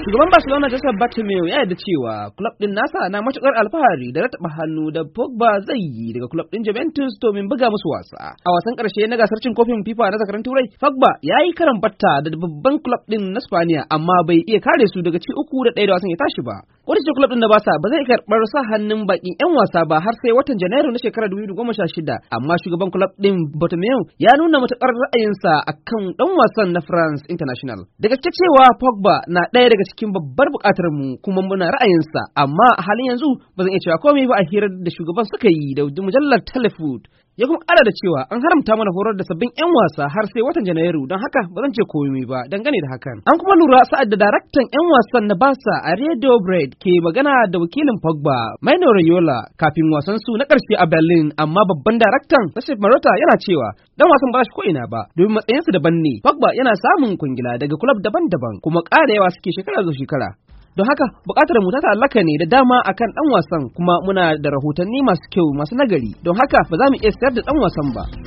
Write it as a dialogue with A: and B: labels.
A: Shugaban Barcelona Joseph Bartomeu ya yarda cewa club din nasa na matukar alfahari da rataba hannu da Pogba zai yi daga club din Juventus domin buga musu wasa. A wasan karshe na gasar cin kofin FIFA na zakaran Turai, Pogba ya yi karan batta da babban club din na Spaniya amma bai iya kare su daga ci uku da ɗaya da wasan ya tashi ba. Ƙudushi club din da basa ba zai karɓar sa hannun baƙin 'yan wasa ba har sai watan Janairu na shekarar 2016 amma shugaban club din Bartomeu ya nuna matuƙar ra'ayinsa a kan ɗan wasan na France International. Da gaske cewa Pogba na ɗaya daga cikin babbar buƙatar mu kuma muna ra'ayinsa amma a halin yanzu ba zan iya cewa komai ba a hirar da shugaban suka yi da mujallar Telefood ya kuma ƙara da cewa an haramta mana horar da sabbin 'yan wasa har sai watan janairu don haka ba zan ce komai ba dangane da hakan an kuma lura sa'ad da daraktan 'yan wasan na basa a radio bread ke magana da wakilin pogba maino Yola, kafin wasan su na ƙarshe a berlin amma babban daraktan rasif marota yana cewa dan wasan ba shi ko ina ba domin matsayinsu daban ne pogba yana samun kungila daga kulab daban-daban kuma ƙara yawa suke shekara zuwa shekara don haka bukatar mu ta ta'allaka ne da dama akan dan wasan kuma muna da rahotanni masu kyau masu nagari don haka ba za mu iya sayar da dan wasan ba